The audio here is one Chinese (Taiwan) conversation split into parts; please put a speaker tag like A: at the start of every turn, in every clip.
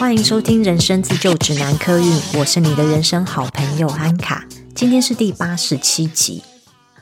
A: 歡迎收聽《人生自救指南》客運，我是你的人生好朋友安卡。今天是第八十七集。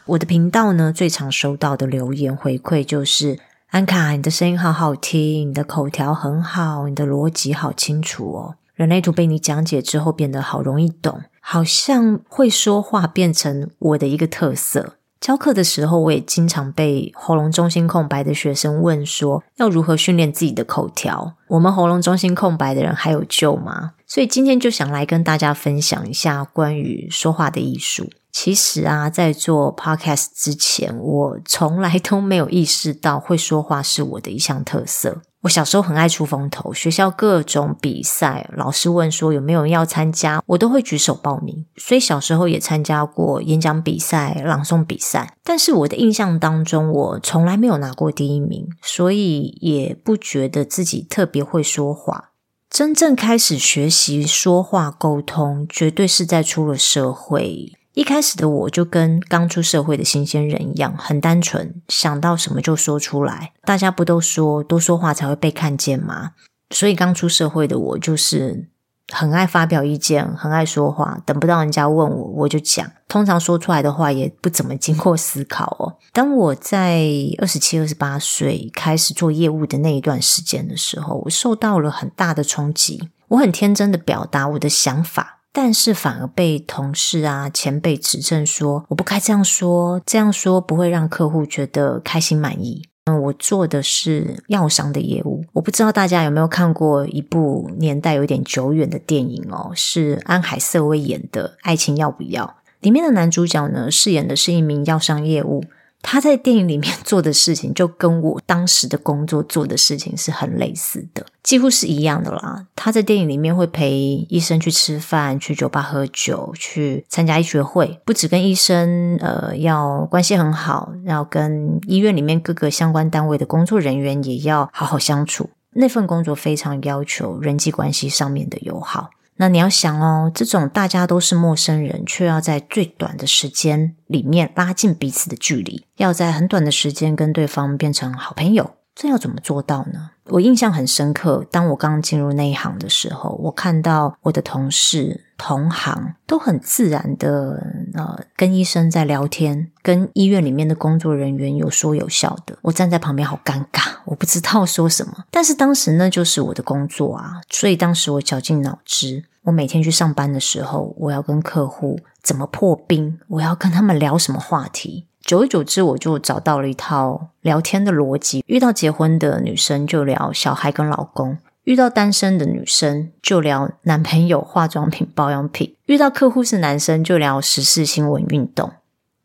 A: 我的頻道呢，最常收到的留言回饋就是：安卡，你的聲音好好聽，你的口條很好，你的邏輯好清楚哦。人類圖被你講解之後，變得好容易懂，好像會說話變成我的一個特色。教課的時候，我也經常被喉嚨中心空白的學生問說：“要如何訓練自己的口條？我們喉嚨中心空白的人還有救嗎？”所以今天就想來跟大家分享一下關於說話的藝術。其實啊，在做 podcast 之前，我從來都沒有意識到會說話是我的一項特色。我小時候很愛出風頭，學校各種比賽，老師問說有沒有人要參加，我都會舉手報名。所以小時候也參加過演講比賽、朗誦比賽，但是我的印象當中，我從來沒有拿過第一名，所以也不覺得自己特別會說話。真正開始學習說話溝通，絕對是在出了社會。一開始的我就跟剛出社會的新鮮人一樣，很單純，想到什麼就說出來。大家不都說多說話才會被看見嗎？所以剛出社會的我就是很愛發表意見，很愛說話，等不到人家問我，我就講。通常說出來的話也不怎麼經過思考哦。當我在二十七、二十八歲開始做業務的那一段時間的時候，我受到了很大的衝擊。我很天真的表達我的想法。但是反而被同事啊、前輩指正說，我不該這樣說，這樣說不會讓客戶覺得開心滿意。嗯，我做的是藥商的業務，我不知道大家有沒有看過一部年代有點久遠的電影哦，是安海瑟薇演的《愛情要不要》。裡面的男主角呢，飾演的是一名藥商業務。他在電影裡面做的事情，就跟我當時的工作做的事情是很類似的，幾乎是一樣的啦。他在電影裡面會陪醫生去吃飯、去酒吧喝酒、去參加醫學會，不只跟醫生呃要關係很好，要跟醫院裡面各個相關單位的工作人員也要好好相處。那份工作非常要求人際關係上面的友好。那你要想哦，這種大家都是陌生人，卻要在最短的時間裡面拉近彼此的距離，要在很短的時間跟對方變成好朋友，這要怎麼做到呢？我印象很深刻，當我剛進入那一行的時候，我看到我的同事、同行都很自然的呃跟醫生在聊天，跟醫院裡面的工作人員有說有笑的。我站在旁邊好尷尬，我不知道說什麼。但是當時呢，就是我的工作啊，所以當時我絞盡腦汁。我每天去上班的時候，我要跟客戶怎麼破冰，我要跟他們聊什麼話題。久而久之，我就找到了一套聊天的邏輯。遇到結婚的女生就聊小孩跟老公，遇到單身的女生就聊男朋友、化妝品、保養品。遇到客戶是男生就聊時事新聞、運動。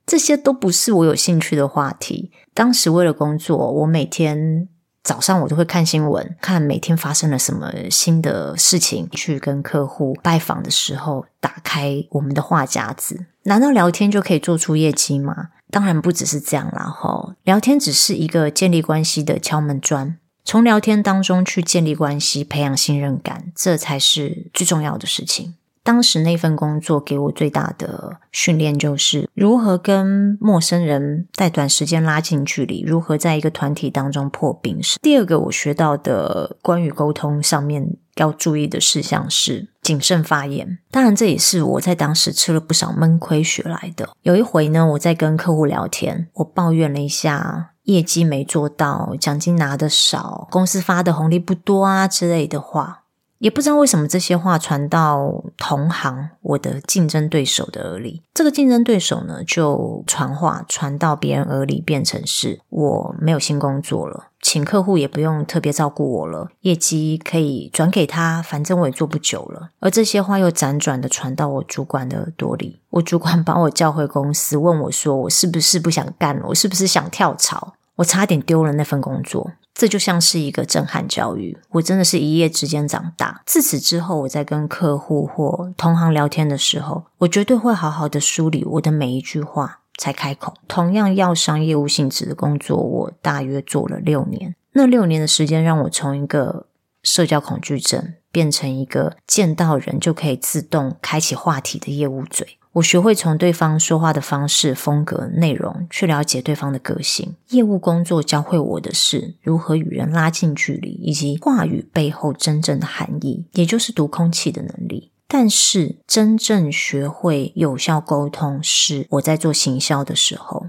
A: 這些都不是我有興趣的話題。當時為了工作，我每天。早上，我就會看新聞，看每天發生了什麼新的事情。去跟客戶拜訪的時候，打開我們的話匣子。難道聊天就可以做出業績嗎？當然不只是這樣了哈。聊天只是一個建立關係的敲門磚，從聊天當中去建立關係，培養信任感，這才是最重要的事情。當時那份工作給我最大的訓練，就是如何跟陌生人在短時間拉近距離，如何在一個團體當中破冰。是第二個我學到的關於溝通上面要注意的事項是謹慎發言。當然，這也是我在當時吃了不少悶虧學來的。有一回呢，我在跟客戶聊天，我抱怨了一下業績沒做到，獎金拿得少，公司發的紅利不多啊之類的話。也不知道為什麼這些話傳到同行、我的競爭對手的耳裡，這個競爭對手呢，就傳話傳到別人耳裡，變成是我沒有新工作了，請客戶也不用特別照顧我了，業績可以轉給他，反正我也做不久了。而這些話又輾轉地傳到我主管的耳朵裡，我主管把我叫回公司，問我說：“我是不是不想幹了？我是不是想跳槽？”我差點丟了那份工作。這就像是一個震撼教育，我真的是一夜之間長大。自此之後，我在跟客戶或同行聊天的時候，我絕對會好好的梳理我的每一句話才開口。同樣藥商業務性質的工作，我大約做了六年。那六年的時間，讓我從一個社交恐懼症變成一個見到人就可以自動開啟話題的業務嘴。我學會從對方說話的方式、風格、內容去了解對方的個性。業務工作教會我的是如何與人拉近距離，以及話語背後真正的含義，也就是讀空氣的能力。但是，真正學會有效溝通是我在做行銷的時候。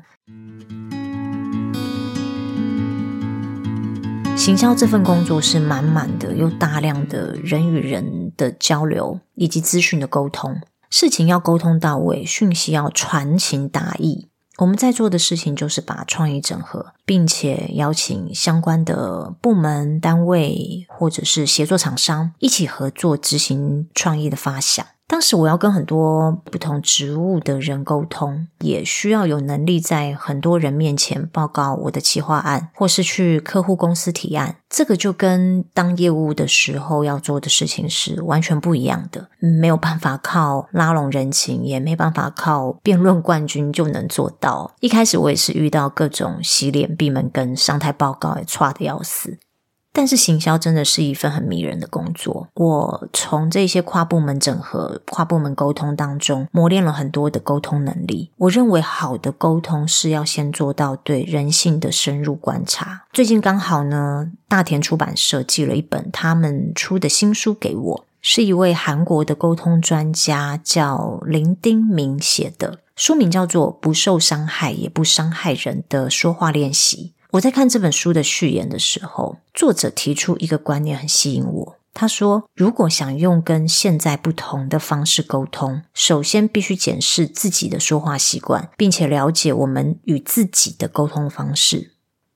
A: 行銷這份工作是滿滿的，又大量的人與人的交流，以及資訊的溝通。事情要溝通到位，訊息要傳情達意。我們在做的事情就是把創意整合，並且邀請相關的部門單位或者是協作廠商一起合作執行創意的發想。當時我要跟很多不同職務的人溝通，也需要有能力在很多人面前報告我的企劃案，或是去客戶公司提案。這個就跟當業務的時候要做的事情是完全不一樣的。嗯，沒有辦法靠拉攏人情，也沒辦法靠辯論冠軍就能做到。一開始我也是遇到各種洗臉閉門羹，上台報告也差的要死。但是行銷真的是一份很迷人的工作。我從這些跨部門整合、跨部門溝通當中，磨練了很多的溝通能力。我認為好的溝通是要先做到對人性的深入觀察。最近剛好呢，大田出版社寄了一本他們出的新書給我，是一位韓國的溝通專家叫林丁明寫的，書名叫做《不受傷害也不傷害人的說話練習》。我在看這本書的序言的時候，作者提出一個觀念很吸引我。他說：“如果想用跟現在不同的方式溝通，首先必須檢視自己的說話習慣，並且了解我們與自己的溝通方式。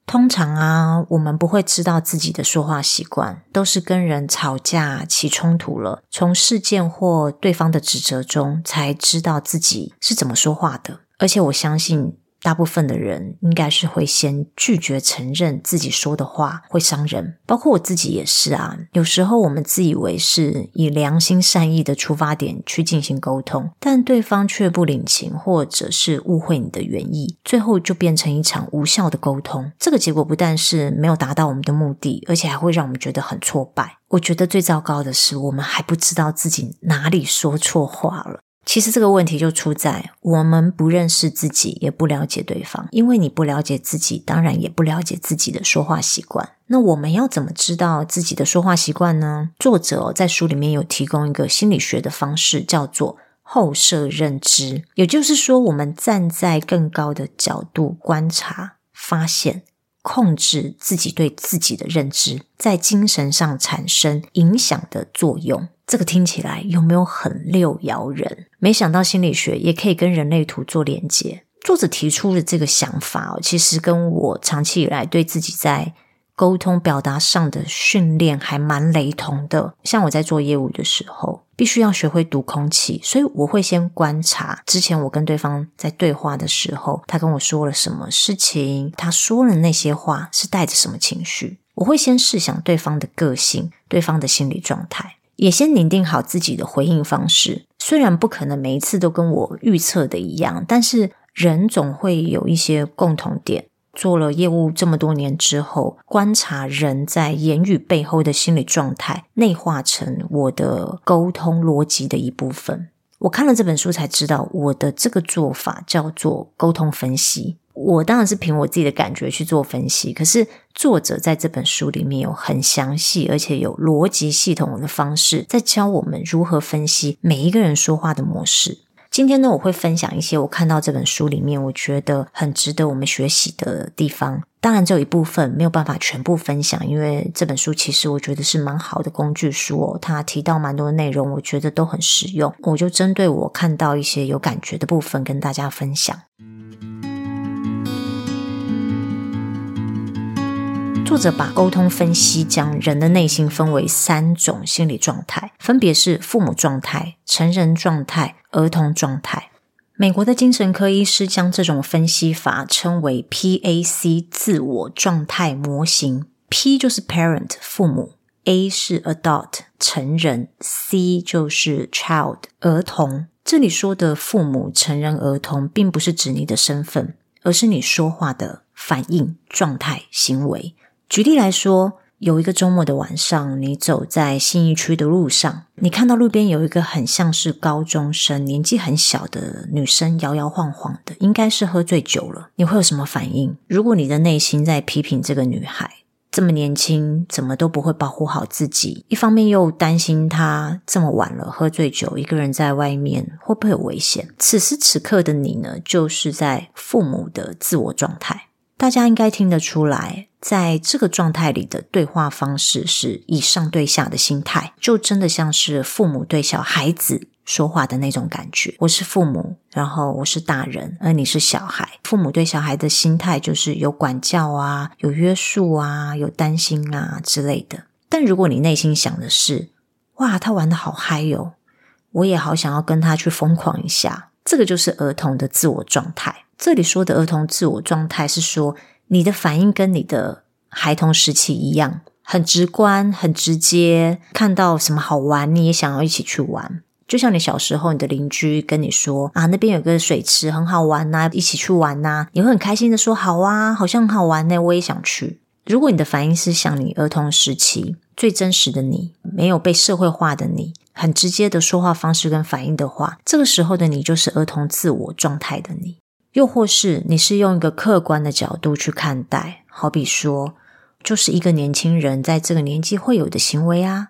A: 通常啊，我們不會知道自己的說話習慣，都是跟人吵架起衝突了，從事件或對方的指責中才知道自己是怎麼說話的。而且我相信，”大部分的人應該是會先拒絕承認自己說的話會傷人，包括我自己也是啊。有時候我們自以為是以良心善意的出發點去進行溝通，但對方卻不領情，或者是誤會你的原意，最後就變成一場無效的溝通。這個結果不但是沒有達到我們的目的，而且還會讓我們覺得很挫敗。我覺得最糟糕的是，我們還不知道自己哪裡說錯話了。其實這個問題就出在我們不認識自己，也不了解對方。因為你不了解自己，當然也不了解自己的說話習慣。那我們要怎麼知道自己的說話習慣呢？作者、哦、在書裡面有提供一個心理學的方式，叫做後設認知。也就是說，我們站在更高的角度觀察，發現。控制自己對自己的認知，在精神上產生影響的作用。這個聽起來有沒有很六爻人？沒想到心理學也可以跟人類圖做連接。作者提出的這個想法，其實跟我長期以來對自己在溝通表達上的訓練還蠻雷同的，像我在做業務的時候，必須要學會讀空氣，所以我會先觀察之前我跟對方在對話的時候，他跟我說了什麼事情，他說了那些話是帶着什麼情緒，我會先試想對方的個性、對方的心理狀態，也先擬定好自己的回應方式。雖然不可能每一次都跟我預測的一樣，但是人總會有一些共同點。做了業務這麼多年之後，觀察人在言語背後的心理狀態，內化成我的溝通邏輯的一部分。我看了這本書才知道，我的這個做法叫做溝通分析。我當然是憑我自己的感覺去做分析，可是作者在這本書裡面有很詳細，而且有邏輯系統的方式，在教我們如何分析每一個人說話的模式。今天呢，我會分享一些我看到這本書裡面我覺得很值得我們學習的地方。當然，只有一部分沒有辦法全部分享，因為這本書其實我覺得是蠻好的工具書哦，它提到蠻多的內容，我覺得都很實用。我就針對我看到一些有感覺的部分跟大家分享。作者把溝通分析將人的內心分為三種心理狀態，分別是父母狀態、成人狀態、兒童狀態。美國的精神科醫師將這種分析法稱為 PAC 自我狀態模型。P 就是 Parent 父母，A 是 Adult 成人，C 就是 Child 兒童。這裡說的父母、成人、兒童，並不是指你的身份，而是你說話的反應狀態、行為。舉例來說，有一個周末的晚上，你走在信義區的路上，你看到路邊有一個很像是高中生、年紀很小的女生，搖搖晃晃的，應該是喝醉酒了。你會有什麼反應？如果你的內心在批評這個女孩，這麼年輕，怎麼都不會保護好自己；一方面又擔心她這麼晚了，喝醉酒，一個人在外面會不會有危險？此時此刻的你呢，就是在父母的自我狀態。大家應該聽得出來，在這個狀態裡的對話方式是以上對下的心態，就真的像是父母對小孩子說話的那種感覺。我是父母，然後我是大人，而你是小孩。父母對小孩的心態就是有管教啊，有約束啊，有擔心啊之類的。但如果你內心想的是“哇，他玩得好嗨喲、哦，我也好想要跟他去瘋狂一下”，這個就是兒童的自我狀態。這裡說的兒童自我狀態是說，你的反應跟你的孩童時期一樣，很直觀、很直接。看到什麼好玩，你也想要一起去玩。就像你小時候，你的鄰居跟你說：“啊，那邊有個水池，很好玩吶、啊，一起去玩吶、啊。”你會很開心的說：“好啊，好像很好玩呢、欸，我也想去。”如果你的反應是像你兒童時期最真實的你，沒有被社會化的你，很直接的說話方式跟反應的話，這個時候的你就是兒童自我狀態的你。又或是你是用一個客觀的角度去看待，好比說，就是一個年輕人在這個年紀會有的行為啊，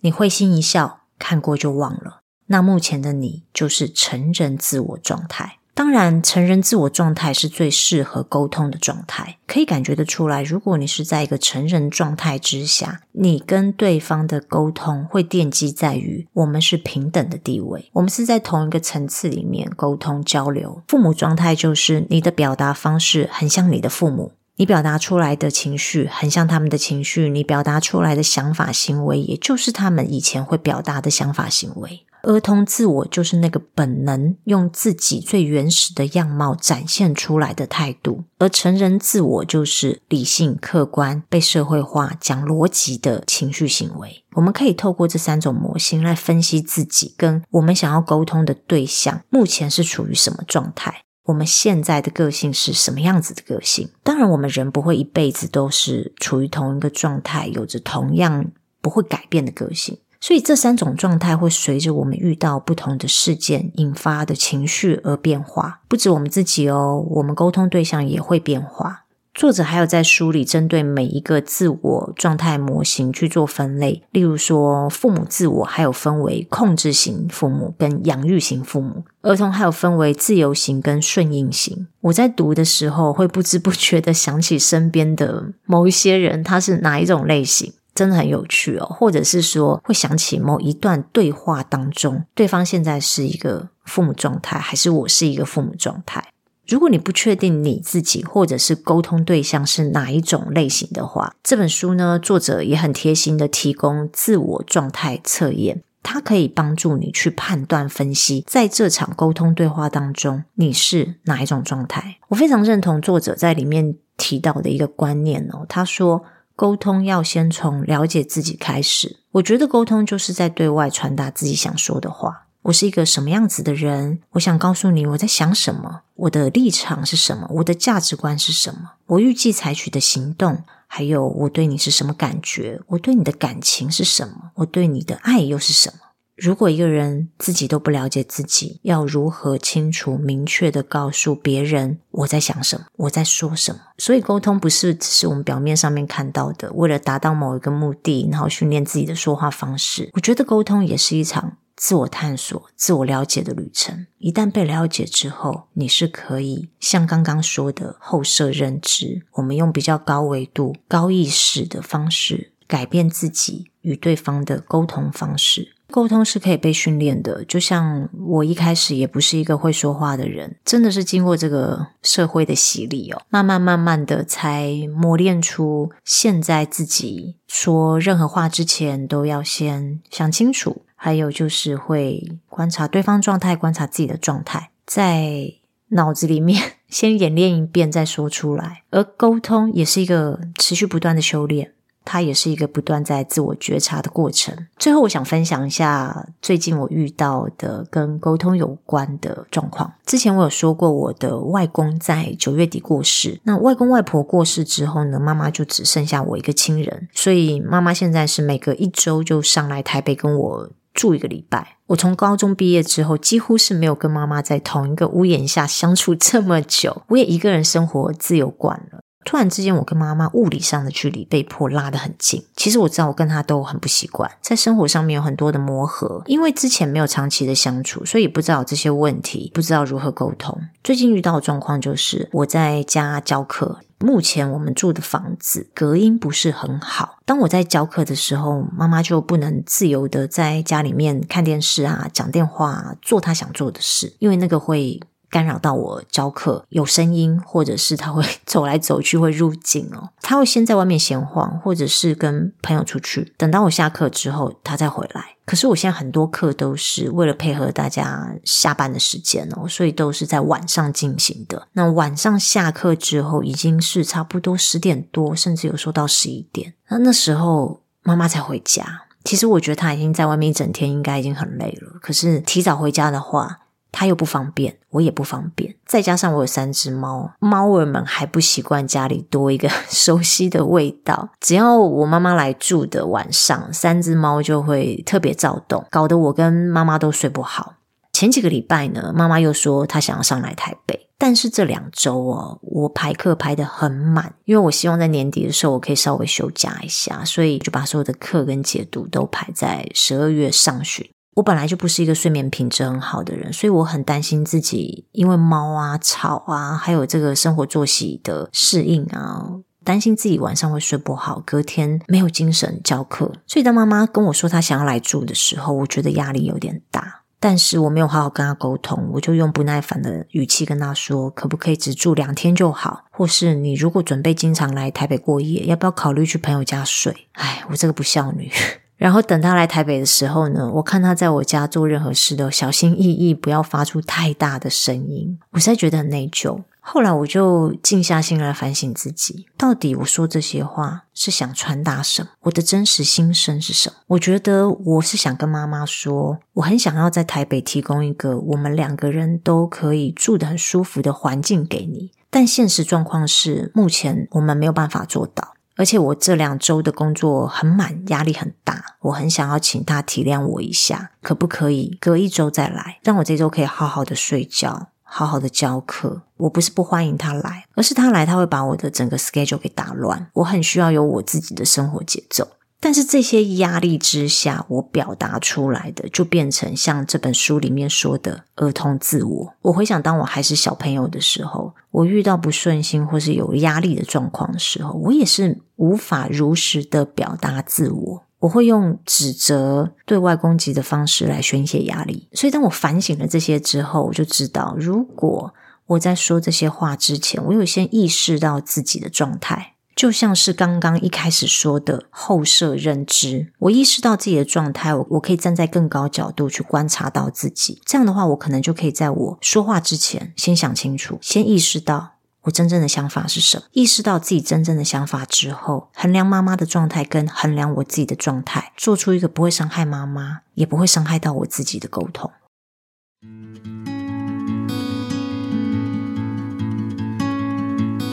A: 你會心一笑，看過就忘了。那目前的你就是成人自我狀態。當然，成人自我狀態是最適合溝通的狀態，可以感覺得出來。如果你是在一個成人狀態之下，你跟對方的溝通會奠基在於我們是平等的地位，我們是在同一個層次裡面溝通交流。父母狀態就是你的表達方式很像你的父母，你表達出來的情緒很像他們的情緒，你表達出來的想法行為也就是他們以前會表達的想法行為。兒童自我就是那個本能，用自己最原始的樣貌展現出來的態度；而成人自我就是理性、客觀、被社會化、講邏輯的情緒行為。我們可以透過這三種模型來分析自己跟我們想要溝通的對象目前是處於什麼狀態。我們現在的個性是什麼樣子的個性？當然，我們人不會一輩子都是處於同一個狀態，有着同樣不會改變的個性。所以，這三種狀態會隨着我們遇到不同的事件引發的情緒而變化。不止我們自己哦，我們溝通對象也會變化。作者還有在書裡針對每一個自我狀態模型去做分類，例如說，父母自我還有分為控制型父母跟養育型父母，兒童還有分為自由型跟順應型。我在讀的時候，會不知不覺地想起身邊的某一些人，他是哪一種類型。真的很有趣哦，或者是說會想起某一段對話當中，對方現在是一個父母狀態，還是我是一個父母狀態？如果你不確定你自己或者是溝通對象是哪一種類型的話，這本書呢，作者也很貼心地提供自我狀態測驗，它可以幫助你去判斷分析在這場溝通對話當中你是哪一種狀態。我非常認同作者在裡面提到的一個觀念哦，他說。溝通要先從了解自己開始。我覺得溝通就是在對外傳達自己想說的話。我是一個什麼樣子的人？我想告訴你我在想什麼，我的立場是什麼，我的價值觀是什麼，我預計採取的行動，還有我對你是什麼感覺，我對你的感情是什麼，我對你的愛又是什麼。如果一個人自己都不了解自己，要如何清楚、明確地告訴別人我在想什麼，我在說什麼？所以，溝通不是只是我們表面上面看到的，為了達到某一個目的，然後訓練自己的說話方式。我覺得溝通也是一場自我探索、自我了解的旅程。一旦被了解之後，你是可以像剛剛說的後設認知，我們用比較高維度、高意識的方式改變自己與對方的溝通方式。溝通是可以被訓練的，就像我一開始也不是一個會說話的人，真的是經過這個社會的洗禮哦，慢慢慢慢的才磨練出現在自己說任何話之前都要先想清楚，還有就是會觀察對方狀態，觀察自己的狀態，在腦子裡面先演練一遍再說出來，而溝通也是一個持續不斷的修煉。它也是一個不斷在自我覺察的過程。最後，我想分享一下最近我遇到的跟溝通有關的狀況。之前我有說過，我的外公在九月底過世。那外公外婆過世之後呢，媽媽就只剩下我一個親人，所以媽媽現在是每隔一周就上來台北跟我住一個禮拜。我從高中畢業之後，幾乎是沒有跟媽媽在同一個屋檐下相處這麼久。我也一個人生活自由慣了。突然之間，我跟媽媽物理上的距離被迫拉得很近。其實我知道，我跟他都很不習慣，在生活上面有很多的磨合，因為之前沒有長期的相處，所以不知道這些問題，不知道如何溝通。最近遇到的狀況就是我在家教課，目前我們住的房子隔音不是很好。當我在教課的時候，媽媽就不能自由的在家裡面看電視啊、講電話、啊、做她想做的事，因為那個會干擾到我教課，有聲音，或者是他會走來走去，會入鏡。哦。他會先在外面閒晃，或者是跟朋友出去。等到我下課之後，他再回來。可是我現在很多課都是為了配合大家下班的時間哦，所以都是在晚上進行的。那晚上下課之後，已經是差不多十點多，甚至有時候到十一點。那那時候媽媽才回家。其實我覺得他已經在外面一整天，應該已經很累了。可是提早回家的話，他又不方便，我也不方便。再加上我有三隻貓，貓兒們還不習慣家裡多一個 熟悉的味道。只要我媽媽來住的晚上，三隻貓就會特別躁動，搞得我跟媽媽都睡不好。前幾個禮拜呢，媽媽又說她想要上來台北，但是這兩周哦，我排課排得很滿，因為我希望在年底的時候我可以稍微休假一下，所以就把所有的課跟解讀都排在十二月上旬。我本來就不是一個睡眠品質很好的人，所以我很擔心自己因為貓啊、草啊，還有這個生活作息的適應啊，擔心自己晚上會睡不好，隔天沒有精神教課。所以當媽媽跟我說她想要來住的時候，我覺得壓力有點大，但是我沒有好好跟她溝通，我就用不耐煩的語氣跟她說：“可不可以只住兩天就好？或是你如果準備經常來台北過夜，要不要考慮去朋友家睡？”唉，我這個不孝女。然後等他來台北的時候呢，我看他在我家做任何事都小心翼翼，不要發出太大的聲音。我實在覺得很內疚。後來我就靜下心來反省自己，到底我說這些話是想傳達什麼？我的真實心聲是什麼？我覺得我是想跟媽媽說，我很想要在台北提供一個我們兩個人都可以住得很舒服的環境給你，但現實狀況是，目前我們沒有辦法做到。而且我這兩周的工作很滿，壓力很大，我很想要請他體諒我一下，可不可以隔一周再來，讓我這周可以好好的睡覺，好好的教課。我不是不歡迎他來，而是他來他會把我的整個 schedule 給打亂，我很需要有我自己的生活節奏。但是這些壓力之下，我表達出來的就變成像這本書裡面說的兒童自我。我回想，當我還是小朋友的時候，我遇到不順心或是有壓力的狀況的時候，我也是無法如實的表達自我，我會用指責、對外攻擊的方式來宣泄壓力。所以，當我反省了這些之後，我就知道，如果我在說這些話之前，我有先意識到自己的狀態。就像是剛剛一開始說的後設認知，我意識到自己的狀態，我我可以站在更高角度去觀察到自己。這樣的話，我可能就可以在我說話之前，先想清楚，先意識到我真正的想法是什麼。意識到自己真正的想法之後，衡量媽媽的狀態跟衡量我自己的狀態，做出一個不會傷害媽媽，也不會傷害到我自己的溝通。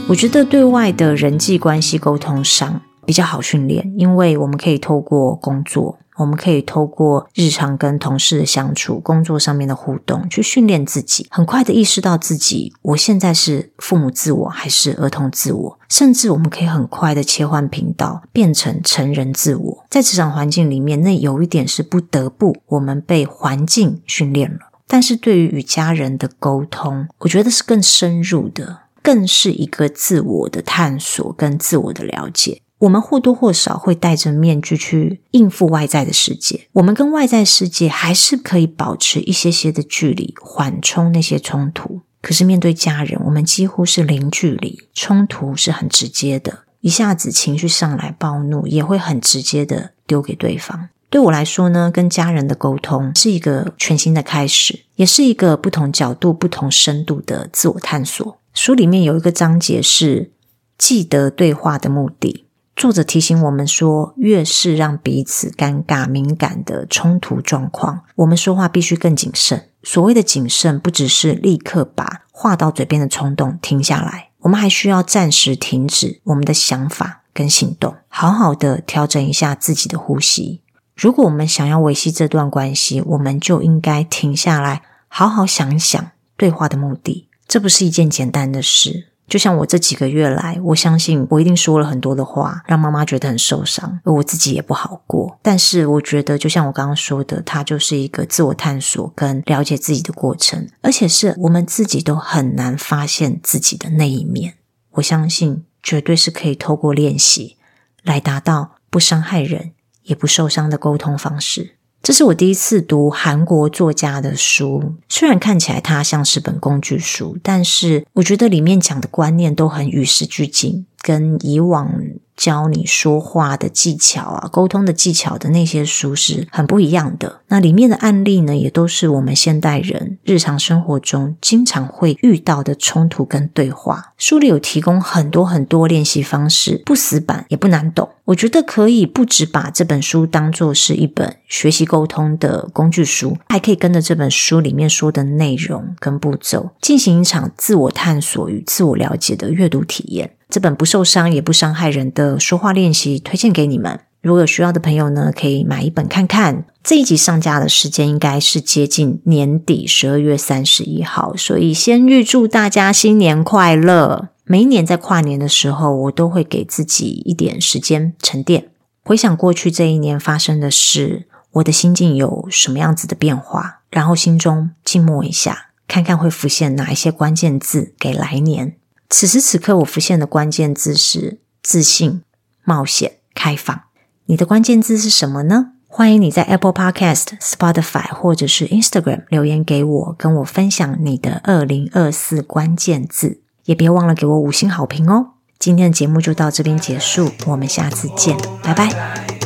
A: 我覺得對外的人際關係溝通上比較好訓練，因為我們可以透過工作，我們可以透過日常跟同事的相處、工作上面的互動，去訓練自己，很快的意識到自己，我現在是父母自我還是兒童自我，甚至我們可以很快的切換頻道，變成成人自我。在職場環境裡面，那有一點是不得不我們被環境訓練了，但是對於與家人的溝通，我覺得是更深入的。更是一個自我的探索跟自我的了解。我們或多或少會戴着面具去應付外在的世界，我們跟外在世界還是可以保持一些些的距離，緩衝那些衝突。可是面對家人，我們幾乎是零距離，衝突是很直接的，一下子情緒上來暴怒，也會很直接的丟給對方。對我來說呢，跟家人的溝通是一個全新的開始，也是一個不同角度、不同深度的自我探索。書裡面有一個章節是記得對話的目的。作者提醒我們說，越是讓彼此尷尬、敏感的衝突狀況，我們說話必須更謹慎。所謂的謹慎，不只是立刻把話到嘴邊的衝動停下來，我們還需要暫時停止我們的想法跟行動，好好的調整一下自己的呼吸。如果我們想要維繫這段關係，我們就應該停下來，好好想想對話的目的。這不是一件簡單的事，就像我這幾個月來，我相信我一定說了很多的話，讓媽媽覺得很受傷，而我自己也不好過。但是我覺得，就像我剛剛說的，它就是一個自我探索跟了解自己的過程，而且是我們自己都很難發現自己的那一面。我相信，絕對是可以透過練習來達到不傷害人也不受傷的溝通方式。這是我第一次讀韓國作家的書，雖然看起來它像是本工具書，但是我覺得裡面講的觀念都很與時俱進。跟以往教你說話的技巧啊，溝通的技巧的那些書是很不一樣的。那裡面的案例呢，也都是我們現代人日常生活中經常會遇到的衝突跟對話。書裡有提供很多很多練習方式，不死板也不難懂。我覺得可以不只把這本書當作是一本學習溝通的工具書，還可以跟着這本書裡面說的內容跟步驟，進行一場自我探索與自我了解的閱讀體驗。這本不受傷也不傷害人的說話練習，推薦給你們。如果有需要的朋友呢，可以買一本看看。這一集上架的時間應該是接近年底，十二月三十一號。所以先預祝大家新年快樂！每一年在跨年的時候，我都會給自己一點時間沉澱，回想過去這一年發生的事，我的心境有什麼樣子的變化，然後心中靜默一下，看看會浮現哪一些關鍵字給來年。此時此刻，我浮現的關鍵字是自信、冒險、開放。你的關鍵字是什麼呢？歡迎你在 Apple Podcast、Spotify 或者是 Instagram 留言給我，跟我分享你的二零二四關鍵字，也別忘了給我五星好評哦。今天的節目就到這邊結束，我們下次見，拜拜。